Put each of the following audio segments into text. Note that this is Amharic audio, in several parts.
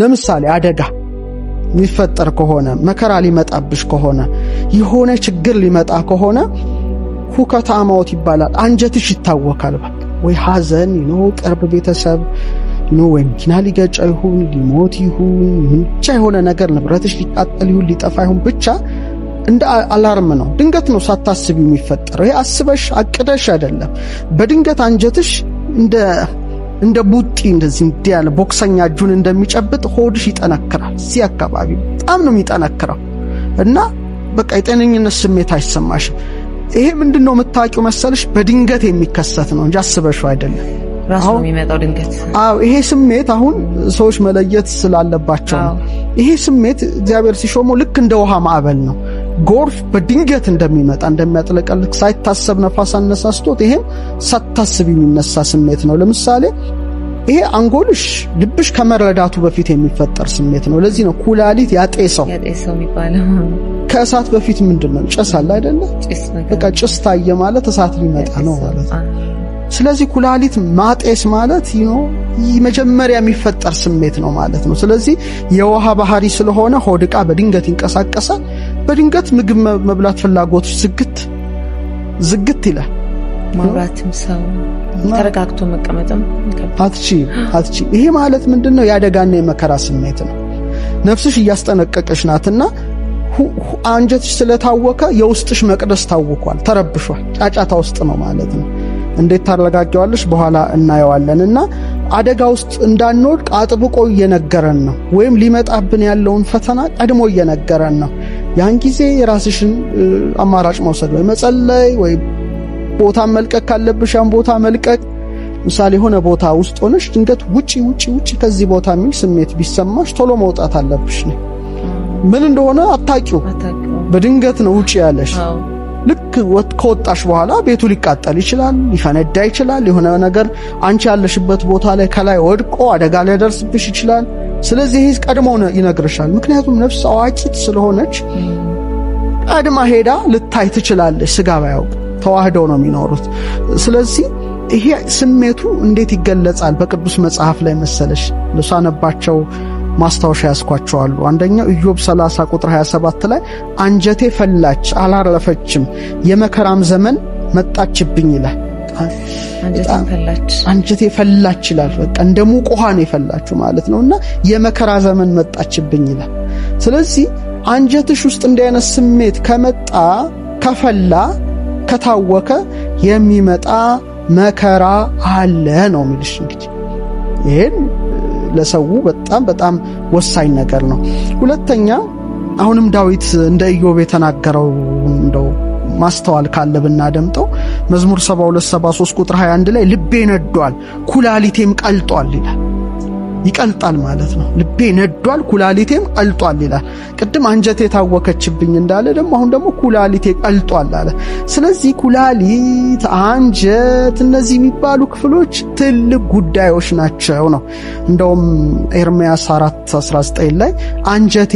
ለምሳሌ አደጋ የሚፈጠር ከሆነ መከራ ሊመጣብሽ ከሆነ የሆነ ችግር ሊመጣ ከሆነ ሁከታ አማዎት ይባላል። አንጀትሽ ይታወካል። በቃ ወይ ሐዘን ይኖ ቅርብ ቤተሰብ ይኖ ወይ መኪና ሊገጫ ይሁን ሊሞት ይሁን ብቻ የሆነ ነገር ንብረትሽ ሊቃጠል ይሁን ሊጠፋ ይሁን ብቻ እንደ አላርም ነው። ድንገት ነው ሳታስብ የሚፈጠረው። ይሄ አስበሽ አቅደሽ አይደለም። በድንገት አንጀትሽ እንደ እንደ ቡጢ እንደዚህ እንዲህ ያለ ቦክሰኛ እጁን እንደሚጨብጥ ሆድሽ ይጠነክራል። እዚህ አካባቢ በጣም ነው የሚጠነክረው እና በቃ የጤነኝነት ስሜት አይሰማሽም። ይሄ ምንድን ነው የምታውቂው መሰልሽ፣ በድንገት የሚከሰት ነው እንጂ አስበሽው አይደለም። ራሱ ነው የሚመጣው ድንገት። አዎ ይሄ ስሜት አሁን ሰዎች መለየት ስላለባቸው ነው። ይሄ ስሜት እግዚአብሔር ሲሾመው ልክ እንደ ውሃ ማዕበል ነው። ጎርፍ በድንገት እንደሚመጣ እንደሚያጥለቀልቅ ሳይታሰብ ነፋስ አነሳስቶት፣ ይሄ ሳታስብ የሚነሳ ስሜት ነው። ለምሳሌ ይሄ አንጎልሽ ልብሽ ከመረዳቱ በፊት የሚፈጠር ስሜት ነው። ለዚህ ነው ኩላሊት ያጤሰው የሚባለው። ከእሳት በፊት ምንድን ነው ጭስ አለ አይደለ? በቃ ጭስ ታየ ማለት እሳት ሊመጣ ነው ማለት ነው። ስለዚህ ኩላሊት ማጤስ ማለት መጀመሪያ የሚፈጠር ስሜት ነው ማለት ነው። ስለዚህ የውሃ ባህሪ ስለሆነ ሆድ ዕቃ በድንገት ይንቀሳቀሳል። በድንገት ምግብ መብላት ፍላጎት ዝግት ዝግት ይላል። ማውራትም ሰው ተረጋግቶ መቀመጥም አትቺ አትቺ። ይሄ ማለት ምንድን ነው? የአደጋና የመከራ ስሜት ነው። ነፍስሽ እያስጠነቀቀሽ ናትና አንጀትሽ ስለታወከ የውስጥሽ መቅደስ ታውኳል፣ ተረብሿል፣ ጫጫታ ውስጥ ነው ማለት ነው። እንዴት ታረጋጊዋለሽ? በኋላ እናየዋለን እና አደጋ ውስጥ እንዳንወድቅ አጥብቆ እየነገረን ነው፣ ወይም ሊመጣብን ያለውን ፈተና ቀድሞ እየነገረን ነው። ያን ጊዜ የራስሽን አማራጭ መውሰድ ወይ መጸለይ ወይ ቦታ መልቀቅ ካለብሽ ያን ቦታ መልቀቅ። ምሳሌ የሆነ ቦታ ውስጥ ሆነሽ ድንገት ውጪ ውጪ ውጪ ከዚህ ቦታ የሚል ስሜት ቢሰማሽ ቶሎ መውጣት አለብሽ። ምን እንደሆነ አታቂው፣ በድንገት ነው ውጪ ያለሽ። ልክ ከወጣሽ በኋላ ቤቱ ሊቃጠል ይችላል፣ ሊፈነዳ ይችላል። የሆነ ነገር አንቺ ያለሽበት ቦታ ላይ ከላይ ወድቆ አደጋ ሊያደርስብሽ ይችላል። ስለዚህ ይህ ቀድሞ ይነግርሻል። ምክንያቱም ነፍስ አዋቂት ስለሆነች ቀድማ ሄዳ ልታይ ትችላለች። ስጋ ባያውቅ ተዋህደው ነው የሚኖሩት። ስለዚህ ይሄ ስሜቱ እንዴት ይገለጻል? በቅዱስ መጽሐፍ ላይ መሰለሽ ልሳነባቸው ማስታወሻ ያስኳቸዋሉ። አንደኛው ኢዮብ 30 ቁጥር 27 ላይ አንጀቴ ፈላች አላረፈችም፣ የመከራም ዘመን መጣችብኝ ይላል። አንጀቴ ፈላች ይላል። በቃ እንደ ሙቅ ውሃ ነው የፈላችሁ ማለት ነውና የመከራ ዘመን መጣችብኝ ይላል። ስለዚህ አንጀትሽ ውስጥ እንዲህ አይነት ስሜት ከመጣ ከፈላ ከታወከ የሚመጣ መከራ አለ ነው የሚልሽ እንግዲህ ይሄን ለሰው በጣም በጣም ወሳኝ ነገር ነው። ሁለተኛ አሁንም ዳዊት እንደ ኢዮብ የተናገረው እንደው ማስተዋል ካለ ብናደምጠው መዝሙር 7273 ቁጥር 21 ላይ ልቤ ነዷል ኩላሊቴም ቀልጧል ይላል። ይቀልጣል ማለት ነው። ልቤ ነዷል፣ ኩላሊቴም ቀልጧል ይላል። ቅድም አንጀቴ ታወከችብኝ እንዳለ ደግሞ አሁን ደግሞ ኩላሊቴ ቀልጧል አለ። ስለዚህ ኩላሊት፣ አንጀት እነዚህ የሚባሉ ክፍሎች ትልቅ ጉዳዮች ናቸው ነው። እንደውም ኤርምያስ 4 19 ላይ አንጀቴ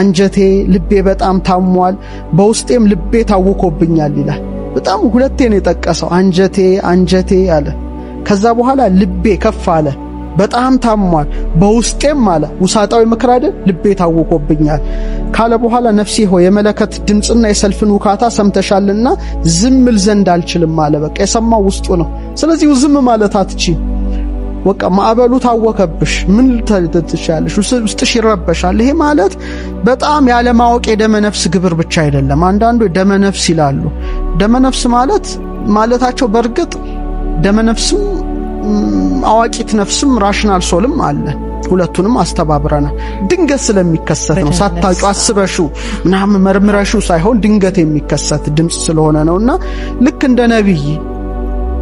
አንጀቴ ልቤ በጣም ታሟል፣ በውስጤም ልቤ ታውኮብኛል ይላል። በጣም ሁለቴ ነው የጠቀሰው አንጀቴ አንጀቴ አለ። ከዛ በኋላ ልቤ ከፍ አለ በጣም ታሟል። በውስጤም አለ ውሳጣዊ ምክር አይደል ልቤ ታውቆብኛል ካለ በኋላ ነፍሴ ሆይ የመለከት ድምፅና የሰልፍን ውካታ ሰምተሻልና ዝም ል ዘንድ አልችልም አለ። በቃ የሰማው ውስጡ ነው። ስለዚህ ዝም ማለት አትቺ። በቃ ማዕበሉ ታወከብሽ። ምን ትችያለሽ? ውስጥሽ ይረበሻል። ይሄ ማለት በጣም ያለማወቅ የደመ ነፍስ ግብር ብቻ አይደለም። አንዳንዱ ደመ ነፍስ ይላሉ። ደመ ነፍስ ማለት ማለታቸው በእርግጥ ደመ ነፍስም አዋቂት ነፍስም ራሽናል ሶልም አለ። ሁለቱንም አስተባብረናል። ድንገት ስለሚከሰት ነው። ሳታጩ አስበሹ ምናም መርምረሹ ሳይሆን ድንገት የሚከሰት ድምፅ ስለሆነ ነውና ልክ እንደ ነቢይ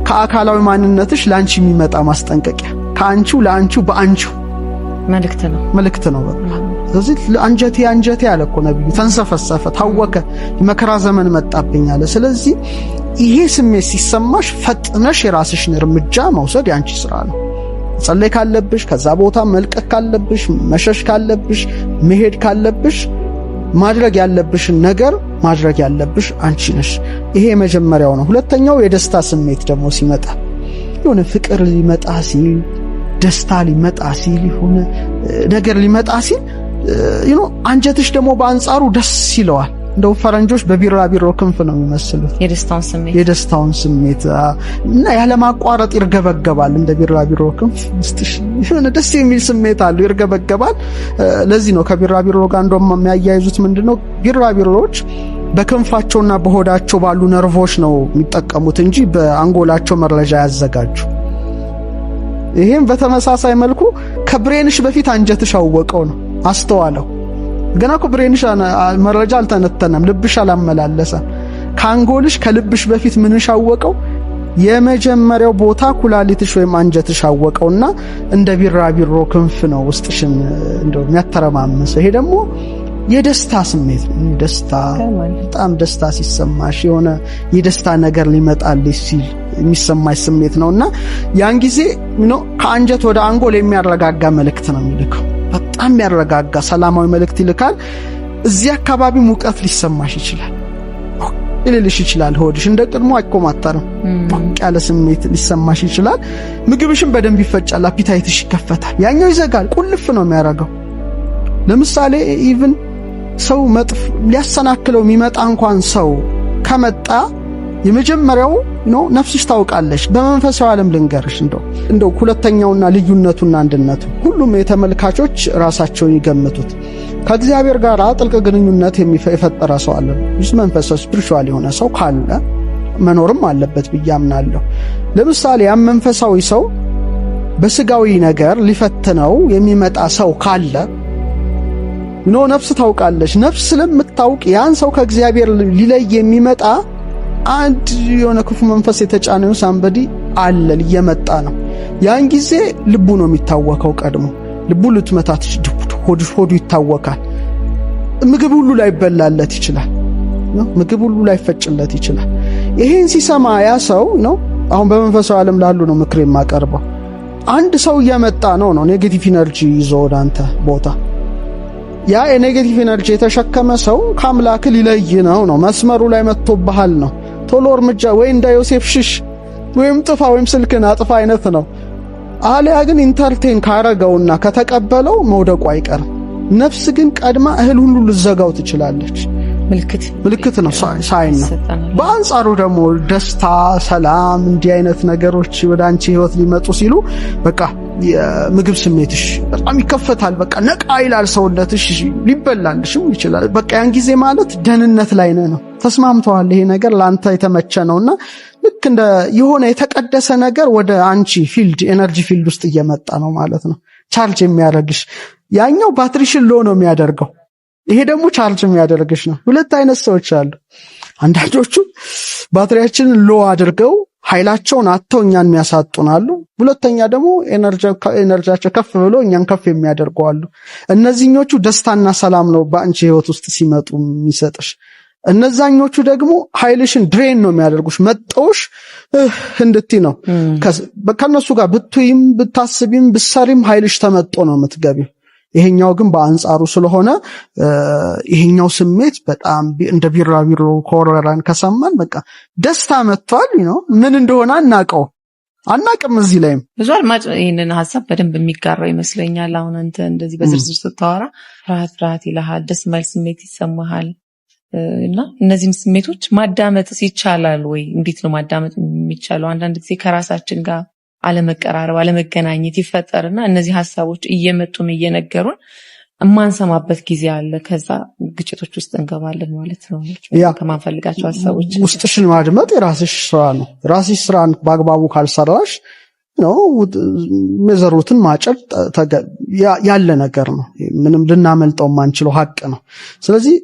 ከአካላዊ ማንነትሽ ለአንቺ የሚመጣ ማስጠንቀቂያ ከአንቺው ለአንቺው በአንቺው መልክት ነው መልክት ነው። በቃ ስለዚህ አንጀቴ አንጀቴ አለ እኮ ነብዩ፣ ተንሰፈሰፈ፣ ታወከ፣ መከራ ዘመን መጣብኝ አለ። ስለዚህ ይሄ ስሜት ሲሰማሽ ፈጥነሽ የራስሽን እርምጃ መውሰድ ያንቺ ስራ ነው። መጸለይ ካለብሽ፣ ከዛ ቦታ መልቀቅ ካለብሽ፣ መሸሽ ካለብሽ፣ መሄድ ካለብሽ ማድረግ ያለብሽን ነገር ማድረግ ያለብሽ አንቺ ነሽ። ይሄ የመጀመሪያው ነው። ሁለተኛው የደስታ ስሜት ደግሞ ሲመጣ የሆነ ፍቅር ሊመጣ ሲል፣ ደስታ ሊመጣ ሲል፣ የሆነ ነገር ሊመጣ ሲል አንጀትሽ ደግሞ በአንጻሩ ደስ ይለዋል። እንደው ፈረንጆች በቢራቢሮ ክንፍ ነው የሚመስሉት። የደስታውን ስሜት የደስታውን ስሜት እና ያለማቋረጥ ይርገበገባል። እንደ ቢራቢሮ ክንፍ ደስ የሚል ስሜት አለው፣ ይርገበገባል። ለዚህ ነው ከቢራቢሮ ጋር እንደውም የሚያያይዙት ምንድን ነው ቢራቢሮዎች በክንፋቸውና በሆዳቸው ባሉ ነርቮች ነው የሚጠቀሙት እንጂ በአንጎላቸው መረጃ ያዘጋጁ። ይህም በተመሳሳይ መልኩ ከብሬንሽ በፊት አንጀትሽ አወቀው ነው አስተዋለው። ገና እኮ ብሬንሽ መረጃ አልተነተነም፣ ልብሽ አላመላለሰም። ከአንጎልሽ ከልብሽ በፊት ምንሽ አወቀው? የመጀመሪያው ቦታ ኩላሊትሽ ወይም አንጀትሽ አወቀውና እንደ ቢራቢሮ ክንፍ ነው ውስጥሽን እንደው የሚያተረማምሰው። ይሄ ደግሞ የደስታ ስሜት ነው። ደስታ በጣም ደስታ ሲሰማሽ የሆነ የደስታ ነገር ሊመጣልሽ ሲል የሚሰማሽ ስሜት ነውና ያን ጊዜ ከአንጀት ወደ አንጎል የሚያረጋጋ መልእክት ነው የሚልከው። በጣም ያረጋጋ ሰላማዊ መልእክት ይልካል። እዚህ አካባቢ ሙቀት ሊሰማሽ ይችላል፣ ይልልሽ ይችላል። ሆድሽ እንደ ቅድሞ አይቆማጠርም። ሞቅ ያለ ስሜት ሊሰማሽ ይችላል። ምግብሽም በደንብ ይፈጫል፣ አፒታይትሽ ይከፈታል። ያኛው ይዘጋል፣ ቁልፍ ነው የሚያደርገው። ለምሳሌ ኢቭን ሰው መጥፍ ሊያሰናክለው የሚመጣ እንኳን ሰው ከመጣ የመጀመሪያው ነው ነፍስሽ ታውቃለሽ። በመንፈሳዊ ዓለም ልንገርሽ እንደው እንደው ሁለተኛውና ልዩነቱና አንድነቱ ሁሉም የተመልካቾች ራሳቸውን ይገምቱት። ከእግዚአብሔር ጋር ጥልቅ ግንኙነት የፈጠረ ሰው አለ ይህ መንፈሳዊ ስፒሪቹዋል የሆነ ሰው ካለ መኖርም አለበት ብዬ አምናለሁ። ለምሳሌ ያም መንፈሳዊ ሰው በስጋዊ ነገር ሊፈትነው የሚመጣ ሰው ካለ ኖ ነፍስ ታውቃለሽ። ነፍስ ስለምታውቅ ያን ሰው ከእግዚአብሔር ሊለይ የሚመጣ አንድ የሆነ ክፉ መንፈስ የተጫነው ሳንበዲ አለ እየመጣ ነው። ያን ጊዜ ልቡ ነው የሚታወከው። ቀድሞ ልቡ ልትመታት ሆዱ ይታወካል። ምግብ ሁሉ ላይበላለት ይችላል። ምግብ ሁሉ ላይፈጭለት ይችላል። ይሄን ሲሰማ ያ ሰው ነው አሁን በመንፈሳዊ ዓለም ላሉ ነው ምክር የማቀርበው። አንድ ሰው እየመጣ ነው ነው ኔጌቲቭ ኢነርጂ ይዞ ወደ አንተ ቦታ ያ የኔጌቲቭ ኢነርጂ የተሸከመ ሰው ከአምላክ ሊለይ ነው ነው መስመሩ ላይ መጥቶብሃል ነው ቶሎ እርምጃ ወይ እንደ ዮሴፍ ሽሽ ወይም ጥፋ ወይም ስልክን አጥፋ አይነት ነው። አሊያ ግን ኢንተርቴን ካረገውና ከተቀበለው መውደቁ አይቀርም። ነፍስ ግን ቀድማ እህል ሁሉ ልዘጋው ትችላለች። ምልክት ምልክት ነው፣ ሳይን ነው። በአንጻሩ ደግሞ ደስታ፣ ሰላም እንዲህ አይነት ነገሮች ወደ አንቺ ህይወት ሊመጡ ሲሉ በቃ የምግብ ስሜትሽ በጣም ይከፈታል። በቃ ነቃ ይላል ሰውነትሽ፣ ሊበላልሽም ይችላል። በቃ ያን ጊዜ ማለት ደህንነት ላይ ነህ ነው። ተስማምተዋል። ይሄ ነገር ለአንተ የተመቸ እና ልክ እንደ የሆነ የተቀደሰ ነገር ወደ አንቺ ፊልድ ኤነርጂ ፊልድ ውስጥ እየመጣ ነው ማለት ነው። ቻርጅ የሚያደርግሽ ያኛው ባትሪሽን ሎ ነው የሚያደርገው፣ ይሄ ደግሞ ቻርጅ የሚያደርግሽ ነው። ሁለት አይነት ሰዎች አሉ። አንዳንዶቹ ባትሪያችንን ሎ አድርገው ኃይላቸውን አጥተው እኛን የሚያሳጡን አሉ። ሁለተኛ ደግሞ ኤነርጂያቸው ከፍ ብሎ እኛን ከፍ የሚያደርገዋሉ። እነዚህኞቹ ደስታና ሰላም ነው በአንቺ ህይወት ውስጥ ሲመጡ የሚሰጥሽ። እነዛኞቹ ደግሞ ኃይልሽን ድሬን ነው የሚያደርጉሽ። መጠውሽ እንድቲ ነው ከነሱ ጋር ብትይም ብታስቢም ብሰሪም ኃይልሽ ተመጦ ነው የምትገቢ። ይሄኛው ግን በአንጻሩ ስለሆነ ይሄኛው ስሜት በጣም እንደ ቢራቢሮ ከወረራን ከሰማን በቃ ደስታ መጥቷል ነው ምን እንደሆነ አናውቀው አናቅም እዚህ ላይም ብዙ አድማጭ ይህንን ሀሳብ በደንብ የሚጋራው ይመስለኛል። አሁን አንተ እንደዚህ በዝርዝር ስታወራ ፍርሃት ፍርሃት ይልሃል፣ ደስ የማይል ስሜት ይሰማሃል። እና እነዚህም ስሜቶች ማዳመጥስ ይቻላል ወይ? እንዴት ነው ማዳመጥ የሚቻለው? አንዳንድ ጊዜ ከራሳችን ጋር አለመቀራረብ፣ አለመገናኘት ይፈጠርና እነዚህ ሀሳቦች እየመጡም እየነገሩን የማንሰማበት ጊዜ አለ። ከዛ ግጭቶች ውስጥ እንገባለን ማለት ነው። ከማንፈልጋቸው ሀሳቦች ውስጥሽን ማድመጥ የራስሽ ስራ ነው። የራስሽ ስራን በአግባቡ ካልሰራሽ የዘሩትን ማጨድ ያለ ነገር ነው። ምንም ልናመልጠው የማንችለው ሀቅ ነው። ስለዚህ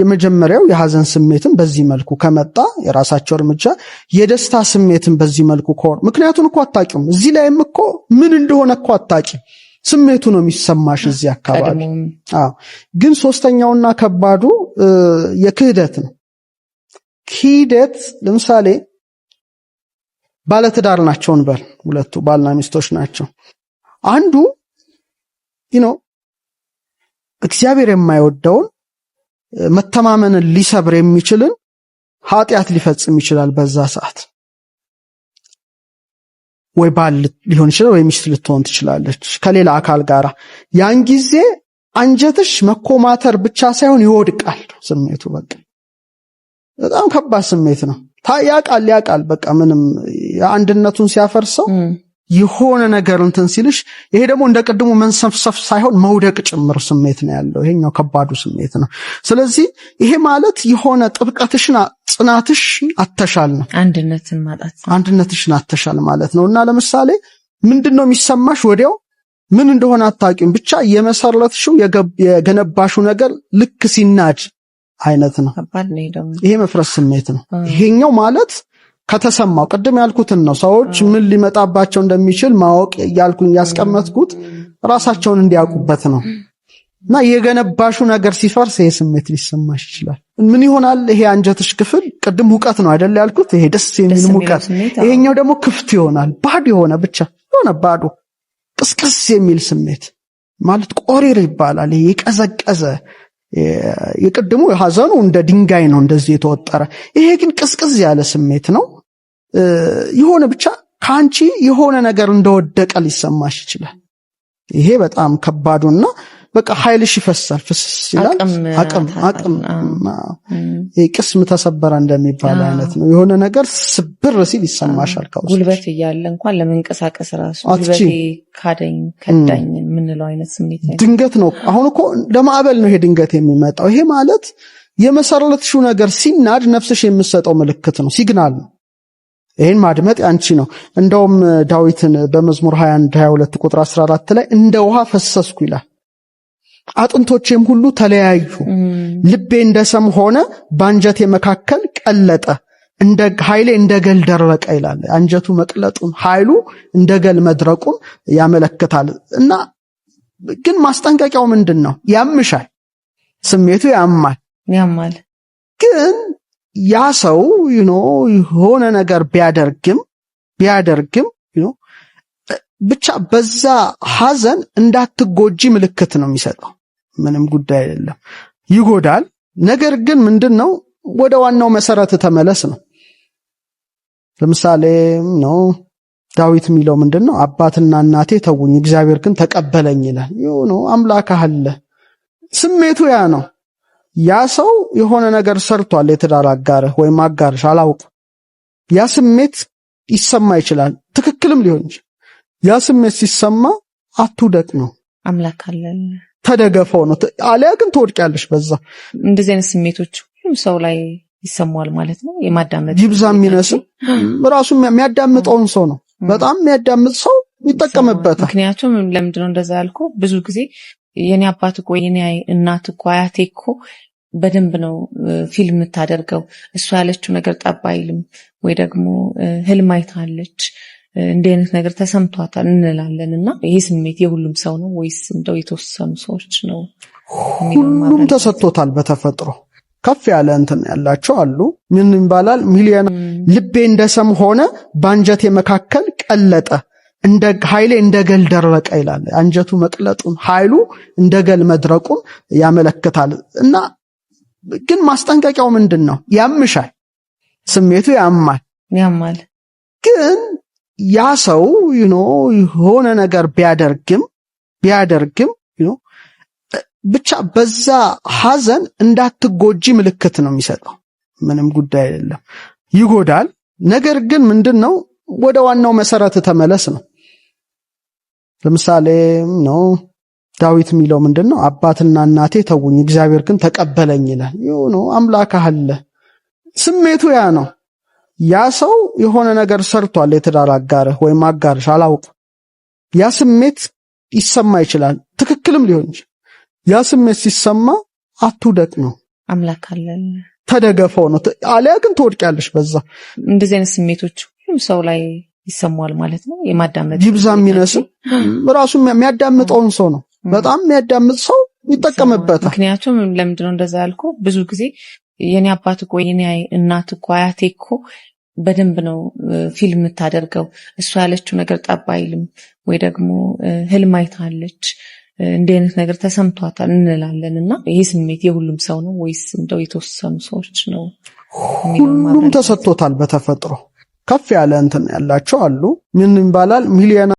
የመጀመሪያው የሀዘን ስሜትን በዚህ መልኩ ከመጣ የራሳቸው እርምጃ፣ የደስታ ስሜትን በዚህ መልኩ ከሆነ ምክንያቱን እኮ አታቂም። እዚህ ላይም እኮ ምን እንደሆነ እኮ አታቂም። ስሜቱ ነው የሚሰማሽ እዚህ አካባቢ። ግን ሶስተኛውና ከባዱ የክህደት ነው። ክህደት ለምሳሌ ባለትዳር ናቸው እንበል፣ ሁለቱ ባልና ሚስቶች ናቸው። አንዱ ነው እግዚአብሔር የማይወደውን መተማመንን ሊሰብር የሚችልን ኃጢአት ሊፈጽም ይችላል በዛ ሰዓት ወይ ባል ሊሆን ይችላል፣ ወይ ሚስት ልትሆን ትችላለች ከሌላ አካል ጋር። ያን ጊዜ አንጀትሽ መኮማተር ብቻ ሳይሆን ይወድቃል ስሜቱ። በቃ በጣም ከባድ ስሜት ነው። ያቃል ያቃል። በቃ ምንም አንድነቱን ሲያፈርሰው የሆነ ነገር እንትን ሲልሽ ይሄ ደግሞ እንደ ቅድሙ መንሰፍሰፍ ሳይሆን መውደቅ ጭምር ስሜት ነው ያለው። ይሄኛው ከባዱ ስሜት ነው። ስለዚህ ይሄ ማለት የሆነ ጥብቀትሽን፣ ጽናትሽ አተሻል ነው። አንድነትን ማጣት አንድነትሽን አተሻል ማለት ነው። እና ለምሳሌ ምንድን ነው የሚሰማሽ ወዲያው ምን እንደሆነ አታውቂም። ብቻ የመሰረትሽው የገነባሽው ነገር ልክ ሲናድ አይነት ነው። ይሄ መፍረስ ስሜት ነው። ይሄኛው ማለት ከተሰማው ቅድም ያልኩትን ነው። ሰዎች ምን ሊመጣባቸው እንደሚችል ማወቅ ያልኩኝ ያስቀመጥኩት ራሳቸውን እንዲያውቁበት ነው። እና የገነባሹ ነገር ሲፈርስ ይሄ ስሜት ሊሰማሽ ይችላል። ምን ይሆናል? ይሄ አንጀትሽ ክፍል ቅድም ሙቀት ነው አይደል ያልኩት? ይሄ ደስ የሚል ሙቀት፣ ይሄኛው ደግሞ ክፍት ይሆናል። ባዶ የሆነ ብቻ የሆነ ባዶ ቅስቅስ የሚል ስሜት ማለት ቆሪር ይባላል። ይሄ የቀዘቀዘ የቅድሙ ሀዘኑ እንደ ድንጋይ ነው እንደዚህ የተወጠረ። ይሄ ግን ቅዝቅዝ ያለ ስሜት ነው። የሆነ ብቻ ከአንቺ የሆነ ነገር እንደወደቀ ሊሰማሽ ይችላል። ይሄ በጣም ከባዱና በቃ ኃይልሽ ይፈሳል፣ ፍስስ ይላል። አቅም አቅም ቅስም ተሰበረ እንደሚባል አይነት ነው። የሆነ ነገር ስብር ሲል ይሰማሻል። ጉልበት እያለ እንኳን ለመንቀሳቀስ ራሱ ጉልበት ካደኝ ከዳኝ የምንለው አይነት ስሜት ድንገት ነው። አሁን እኮ ለማዕበል ነው ይሄ ድንገት የሚመጣው። ይሄ ማለት የመሰረትሽው ነገር ሲናድ ነፍስሽ የምትሰጠው ምልክት ነው፣ ሲግናል ነው። ይህን ማድመጥ ያንቺ ነው። እንደውም ዳዊትን በመዝሙር 21 22 ቁጥር 14 ላይ እንደ ውሃ ፈሰስኩ ይላል። አጥንቶቼም ሁሉ ተለያዩ፣ ልቤ እንደ ሰም ሆነ፣ በአንጀቴ መካከል ቀለጠ፣ እንደ ኃይሌ እንደ ገል ደረቀ ይላል። አንጀቱ መቅለጡን ኃይሉ እንደ ገል መድረቁን ያመለክታል። እና ግን ማስጠንቀቂያው ምንድን ነው? ያምሻል፣ ስሜቱ ያማል፣ ያማል ግን ያ ሰው ዩኖ የሆነ ነገር ቢያደርግም ቢያደርግም ዩኖ ብቻ በዛ ሀዘን እንዳትጎጂ ምልክት ነው የሚሰጠው። ምንም ጉዳይ አይደለም፣ ይጎዳል። ነገር ግን ምንድን ነው ወደ ዋናው መሰረት ተመለስ ነው። ለምሳሌ ነው ዳዊት የሚለው ምንድን ነው? አባትና እናቴ ተውኝ፣ እግዚአብሔር ግን ተቀበለኝ ይላል። ዩኖ አምላክ አለ። ስሜቱ ያ ነው። ያ ሰው የሆነ ነገር ሰርቷል። የትዳር አጋርህ ወይም አጋርሽ አላውቅም። ያ ስሜት ይሰማ ይችላል፣ ትክክልም ሊሆን ይችላል። ያ ስሜት ሲሰማ አትውደቅ ነው፣ አምላካለን ተደገፈው ነው። አሊያ ግን ትወድቂያለሽ። በዛ እንደዚህ አይነት ስሜቶች ሁሉም ሰው ላይ ይሰማዋል ማለት ነው። የማዳመጥ ይብዛ የሚነስም ራሱ የሚያዳምጠውን ሰው ነው። በጣም የሚያዳምጥ ሰው ይጠቀምበታል። ምክንያቱም ለምንድነው እንደዛ ያልኩ ብዙ ጊዜ የኔ አባት እኮ የኔ እናት እኮ አያቴ እኮ በደንብ ነው ፊልም የምታደርገው። እሱ ያለችው ነገር ጠብ አይልም ወይ ደግሞ ህልም አይታለች እንዲህ አይነት ነገር ተሰምቷታል እንላለን እና ይሄ ስሜት የሁሉም ሰው ነው ወይስ እንደው የተወሰኑ ሰዎች ነው? ሁሉም ተሰጥቶታል። በተፈጥሮ ከፍ ያለ እንትን ያላቸው አሉ። ምን ይባላል? ሚሊዮን ልቤ እንደ ሰም ሆነ በአንጀቴ መካከል ቀለጠ እንደ ኃይሌ እንደ ገል ደረቀ ይላል። አንጀቱ መቅለጡን ኃይሉ እንደ ገል መድረቁን ያመለክታል እና ግን ማስጠንቀቂያው ምንድን ነው? ያምሻል፣ ስሜቱ ያማል ያማል። ግን ያ ሰው ዩኖ የሆነ ነገር ቢያደርግም ቢያደርግም ዩኖ ብቻ በዛ ሀዘን እንዳትጎጂ ምልክት ነው የሚሰጠው። ምንም ጉዳይ አይደለም፣ ይጎዳል። ነገር ግን ምንድን ነው ወደ ዋናው መሰረት ተመለስ ነው። ለምሳሌ ነው ዳዊት የሚለው ምንድን ነው? አባትና እናቴ ተውኝ፣ እግዚአብሔር ግን ተቀበለኝ ይላል። ይሁኑ አምላክ አለ። ስሜቱ ያ ነው። ያ ሰው የሆነ ነገር ሰርቷል። የትዳር አጋርህ ወይም አጋርሽ አላውቅ፣ ያ ስሜት ይሰማ ይችላል፣ ትክክልም ሊሆን ይችላል። ያ ስሜት ሲሰማ አትውደቅ ነው፣ አምላክ አለ፣ ተደገፈው ነው። አሊያ ግን ትወድቂያለሽ። በዛ እንደዚህ አይነት ስሜቶች ሁሉም ሰው ላይ ይሰማዋል ማለት ነው። የማዳመጥ ይብዛ የሚነስም ራሱ የሚያዳምጠውን ሰው ነው በጣም የሚያዳምጥ ሰው ይጠቀምበታል። ምክንያቱም ለምንድነው እንደዛ ያልኩ? ብዙ ጊዜ የኔ አባት እኮ የኔ እናት እኮ አያቴ እኮ በደንብ ነው ፊልም የምታደርገው። እሷ ያለችው ነገር ጠብ አይልም ወይ ደግሞ ህልም አይታለች እንዲህ አይነት ነገር ተሰምቷታል እንላለን። እና ይህ ስሜት የሁሉም ሰው ነው ወይስ እንደው የተወሰኑ ሰዎች ነው? ሁሉም ተሰጥቶታል። በተፈጥሮ ከፍ ያለ እንትን ያላቸው አሉ። ምን ይባላል ሚሊዮን